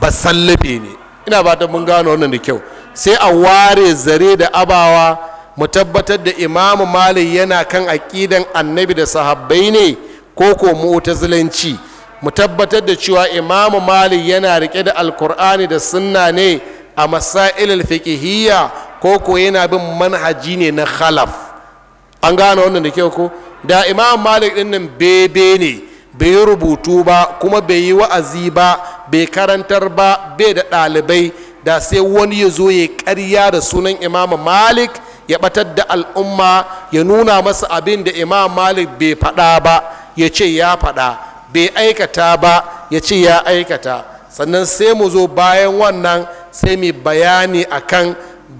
ba ne ina ba ta mun gano wannan da kyau sai a ware zare da abawa mu tabbatar da imamu malik yana kan aƙidan annabi da sahabbai ne ko ko mu'tazilanci mu tabbatar da cewa imamu malik yana rike da alkur'ani da sunna ne a masailul fiqhiyya ko ko yana bin manhaji ne na khalaf an gane wannan da kyau ko da imam malik din nan bebe ne bai rubutu ba kuma bai yi wa'azi ba bai karantar ba bai da ɗalibai da sai wani ya zo ya karya da sunan imam malik ya batar da al'umma ya nuna masa abin da imam malik bai faɗa ba ya ce ya faɗa bai aikata ba ya ce ya aikata sannan sai mu zo bayan wannan sai mu bayani akan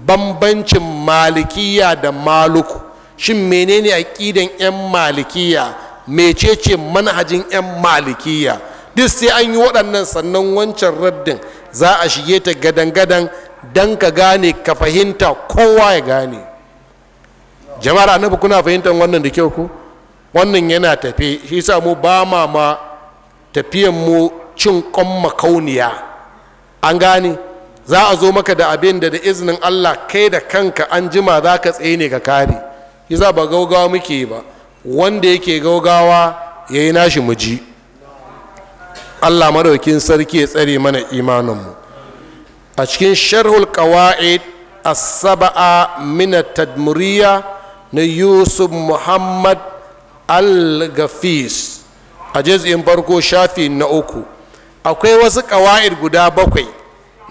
bambancin malikiya da maluku shin menene aƙidan 'yan malikiya mecece manhajin 'yan malikiya duk sai an yi waɗannan sannan wancan raddin za a shige ta gadan-gadan don ka gane ka fahimta kowa ya gane jama'ar annabi kuna fahimtar wannan da kyau ku wannan yana tafe shi sa mu ba ma ma tafiyan mu cin kon makauniya an gane za a zo maka da abin da da izinin allah kai da kanka an jima za ka tsaye ne ka kare shi sa ba gaugawa muke ba wanda yake gaugawa ya yi nashi muji allah maraukin sarki ya tsare mana imaninmu a cikin sharhul qawa'id as-saba'a min at na yusuf muhammad al-gafis a jiz'in farko shafi na uku akwai wasu ƙawa'id guda bakwai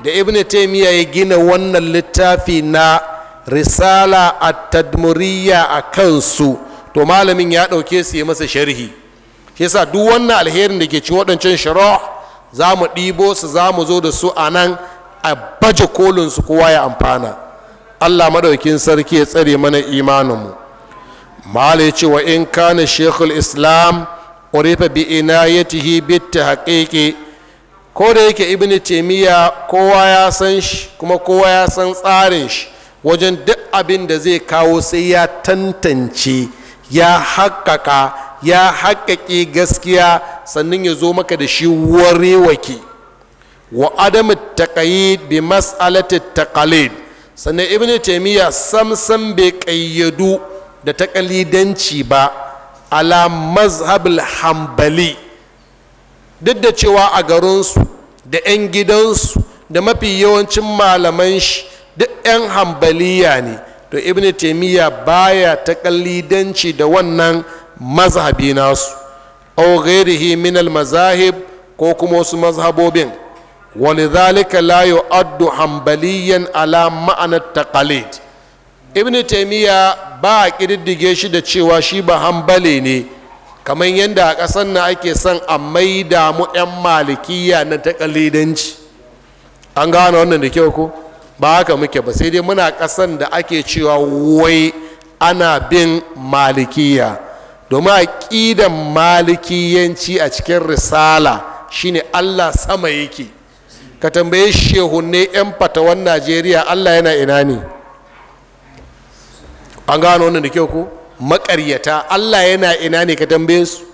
da ibn taimiyya ya gina wannan littafi na risala a tadmuriya a kansu to malamin ya dauke su yi masa sharhi shi yasa duk wannan alherin da ke cin waɗancan shara za mu ɗibo su za mu zo da su a nan a baje kolinsu kowa ya amfana allah madaukin sarki ya tsare mana imaninmu mala ya ce wa in kana shekul islam urifa bi inayatihi bit tahqiqi ko da yake ibnu taimiyya kowa ya san shi kuma kowa ya san tsarin shi wajen duk abin da zai kawo sai ya tantance ya haƙaƙa ya haƙaƙe gaskiya sannan ya zo maka da shi warewake wa adamu taƙayi bi mas'alati taqalid sannan ibn taimiyya samsam bai kayyadu da takalidanci ba ala mazhabul hambali duk da cewa a garinsu da 'yan gidansu da mafi yawancin malaman shi duk 'yan hambaliya ne to ibn taimiyya baya takalidanci da wannan mazhabi nasu au ghairihi min al mazahib ko kuma wasu mazhabobin ولذلك لا يؤد حنبليا على معنى التقاليد ابن تيمية با ƙididdige shi da cewa shi ba hambale ne kamar yadda a ƙasar na ake son a mai mu 'yan malikiya na taƙalidanci an gano wannan da kyau ko ba haka muke ba sai dai muna ƙasan da ake cewa wai ana bin malikiya domin aƙidan malikiyanci a cikin risala shine allah sama yake ka tambaye shehunne 'yan fatawan najeriya allah yana ina ne an gano wannan da kyau ko maƙaryata allah yana ina ne ka tambaye su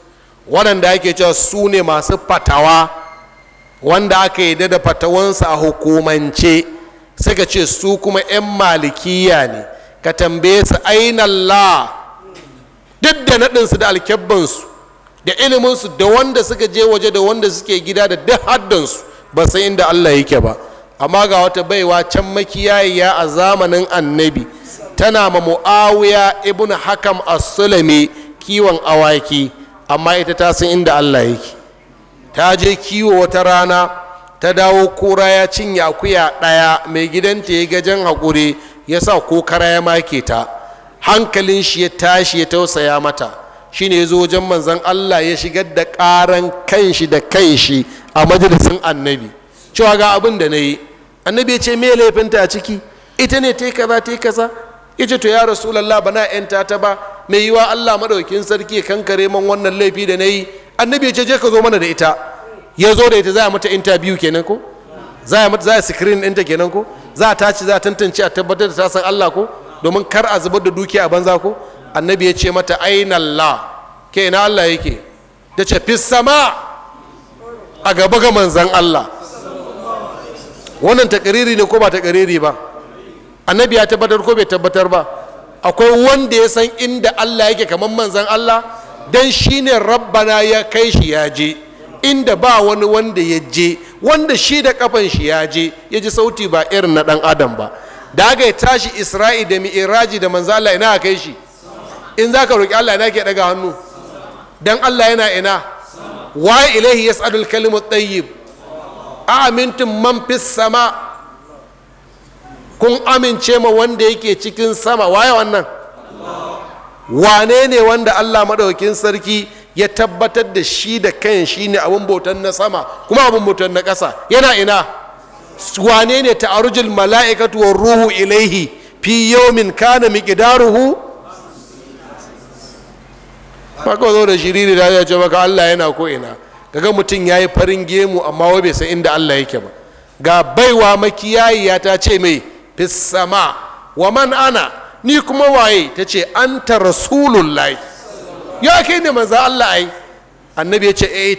waɗanda ake cewa su ne masu fatawa wanda aka yi da fatawansa a hukumance suka ce su kuma 'yan malikiya ne ka tambaye su ainallah duk da naɗinsu da alkyabbansu da iliminsu da wanda suka je waje da wanda suke gida da duk haddansu ba san inda allah yake ba amma ga wata baiwa can makiyayiya a zamanin annabi tana ma mu'awiya ibn hakam as-sulami kiwon awaki amma ita ta san inda allah yake ta je kiwo wata rana ta dawo kura ya cinye akuya ɗaya mai gidanta ya gajen hakuri ya sa kokara ya make ta hankalin shi ya tashi ya tausaya mata shine ya zo wajen manzan allah ya shigar da ƙaran kanshi da kanshi a majalisin annabi cewa ga abin da na yi annabi ya ce me laifinta a ciki ita ne ta yi kaza ta kaza ya ce to ya rasulallah bana yanta ta ba mai yiwa allah maɗaukin sarki kankare man wannan laifi da na yi annabi ya ce je ka zo mana da ita ya zo da ita za a mata interview kenan ko za a mata kenan ko za a tace za a tantance a tabbatar da ta san allah ko domin kar a zubar da dukiya a banza ko annabi ya ce mata ainallah ke na allah yake da ce fi sama a gaba ga manzan Allah wannan takariri ne ko ba takariri ba annabi ya tabbatar ko bai tabbatar ba akwai wanda ya san inda Allah yake kamar manzan Allah dan shine rabbana ya kai shi ya je inda ba wani wanda ya je wanda shi da kafan shi ya je ya ji sauti ba irin na dan adam ba da aka tashi isra'i da mi'iraji da manzan Allah ina kai shi in za ka roƙi Allah ina ke daga hannu dan Allah yana ina wa ilaihi yas'adul kalimu tayyib amintum man fis sama kun amince ma wanda yake cikin sama waye wannan wane ne wanda Allah maɗaukin sarki ya tabbatar da shi da kan shi ne abin bautan na sama kuma abin bautan na ƙasa yana ina wane ne arujil mala'ikatu wa ruhu ilaihi fi yawmin kana miqdaruhu ba ka zo da shiriri da ya ce baka allah yana ko ina kaga mutum yayi farin gemu amma wai bai san inda allah yake ba ga baiwa makiyayi ya ta ce mai fissama wa man ana ni kuma waye ta ce anta rasulullahi ya ke ne manzo allah ai annabi ya ce e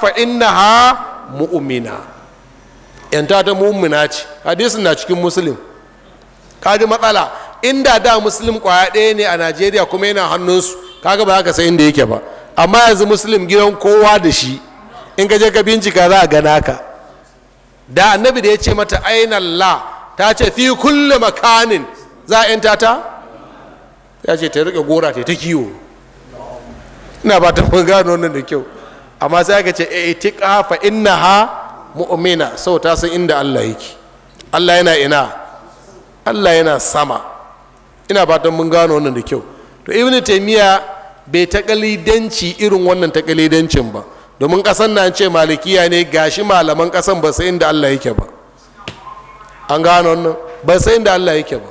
fa innaha mu'mina yanta ta mu'mina ce hadisin na cikin muslim kadi matsala inda da muslim kwaya ɗaya ne a najeriya kuma yana hannunsu kaga ba za ka san inda yake ba amma yanzu muslim gidan kowa da shi in ka je ka bincika za a gana ka da annabi da ya ce mata ainihin la ta ce fi kulle makanin za a yanta ta ya ce ta riƙe gora ta ta kiwo ina ba ta mun gano wannan da kyau amma sai aka ce "Eh ti kafa inna ha mu'mina sau ta san inda Allah yake Allah yana ina Allah yana sama ina ba ta mun gano wannan da kyau to ibnu taymiya bai taƙalidanci irin wannan taƙalidancin ba domin ƙasan na ce malikiya ne gashi malaman ƙasan ba sai inda allah yake ba an gano wannan ba sai inda allah yake ba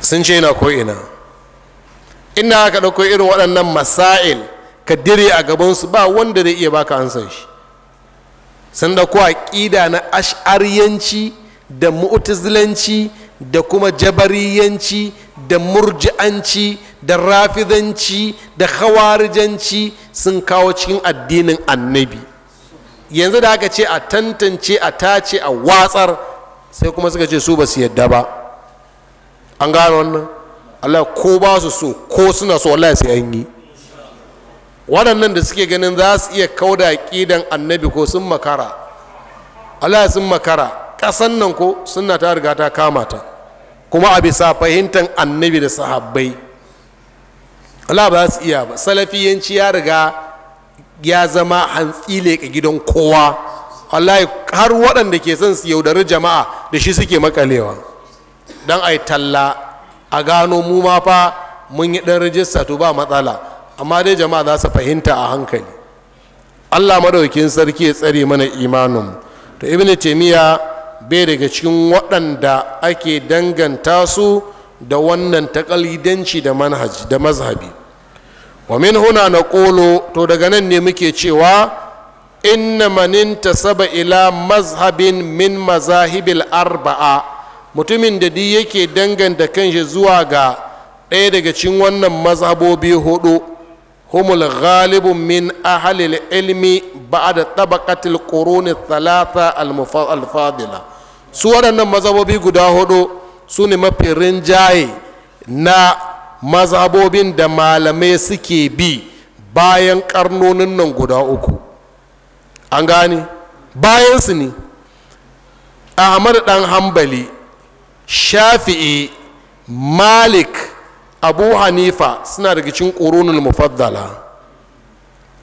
sun ce na ko'ina ina ka ɗauko irin waɗannan masail ka dire a gabansu ba wanda zai iya baka ansan shi sun ɗauko aƙida na ash'ariyanci da mu'tazilanci da kuma jabariyanci da murji'anci da rafidanci da khawarijanci sun kawo cikin addinin annabi yanzu da aka ce a tantance a tace a watsar sai kuma suka ce su ba su yadda ba an gano wannan allah ko ba su so ko suna so allah sai an yi waɗannan da suke ganin za su iya kauda ƙidan annabi ko sun makara allah sun makara ƙasan nan ko suna ta riga ta kama ta kuma a bisa fahimtar annabi da sahabbai Allah ba su iya ba salafiyanci ya riga ya zama hantsi leƙa gidan kowa wallahi har waɗanda ke son su yaudari jama'a da shi suke makalewa don a yi talla a gano mu ma fa mun yi ɗan rijista to ba matsala amma dai jama'a za su fahimta a hankali allah madaukin sarki ya tsare mana imanin to ibn taimiyya bai daga cikin waɗanda ake danganta su da wannan takalidanci da manhaji da mazhabi wa min huna na ƙolo to daga nan ne muke cewa inna maninta saba ila mazhabin min mazahibil arba'a mutumin da di yake danganta kanshi zuwa ga ɗaya daga cikin wannan mazhabobi hudu humul ghalibun min ahalil ilmi ba'da tabaqatil quruni thalatha al-fadila su waɗannan mazhabobi guda hudu su ne mafi rinjaye na mazhabobin da malamai suke bi bayan karnonin nan guda uku an gane bayansu ne ahmad dan hambali shafi'i malik abu hanifa suna daga cikin ƙorunin mufaddala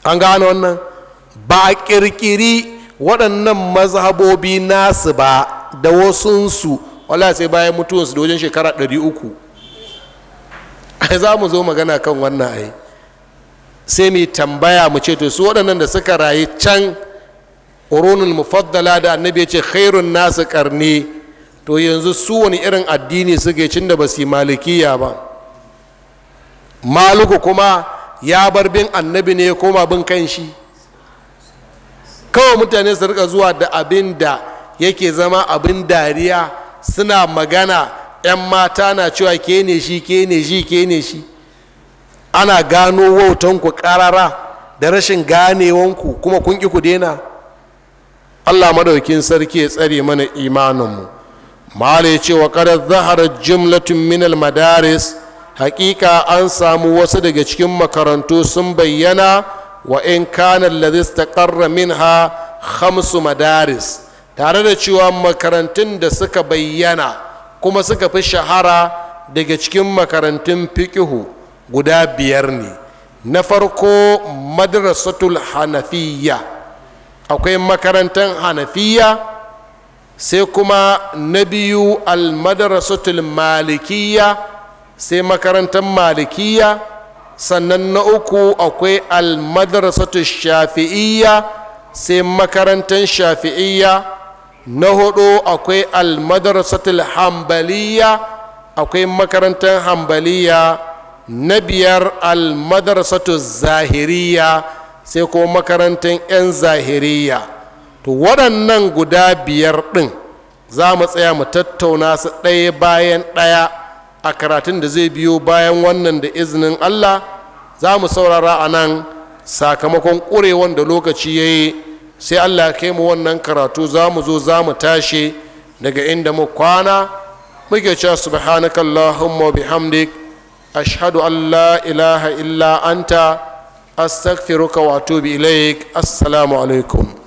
an gane wannan ba a ƙirƙiri waɗannan mazhabobi nasu ba da wasunsu wala sai bayan mutuwansu da wajen shekara 300 ai za mu zo magana kan wannan ai sai mai tambaya mu ce to su waɗannan da suka rayu can ƙoronul mufaddala da annabi ya ce khairun nasu ƙarni to yanzu su wani irin addini suke cin da ba su malikiya ba maluku kuma ya bar bin annabi ne ya koma bin kan shi kawai mutane su rika zuwa da abin da yake zama abin dariya suna magana 'yan mata na cewa ke ne shi ke ne shi ke ne shi ana gano wautanku karara da rashin ganewanku kuma kun ƙi ku daina allah madaukin sarki ya tsare mana imaninmu mala ya ce wa ƙarar zaharar jimlatun minal madaris haƙiƙa an samu wasu daga cikin makarantu sun bayyana wa in kanan lazista ƙarra min ha hamsu madaris tare da cewa makarantun da suka bayyana kuma suka fi shahara daga cikin makarantun fiƙihu guda biyar ne na farko madrasatul hanafiya akwai makarantar hanafiya sai kuma na biyu almadrasatul malikiya sai makarantar malikiya sannan na uku akwai almadrasatul shafi'iya sai makarantar shafi'iyya na hudu akwai almadarasatul hambaliya akwai makarantar hambaliya na biyar almadarasatul zahiriya sai ko makarantar 'yan zahiriya to waɗannan guda biyar ɗin za mu tsaya mu tattauna su ɗaya bayan ɗaya a karatun da zai biyo bayan wannan da izinin allah za mu saurara a nan sakamakon ƙurewanda wanda lokaci ya yi sai allah ya kai mu wannan karatu za mu zo za mu tashi daga inda mu kwana muke cewa subhanaka allahumma wa bihamdik ashhadu an la ilaha illa anta astaghfiruka wa atubu ilaik assalamu alaikum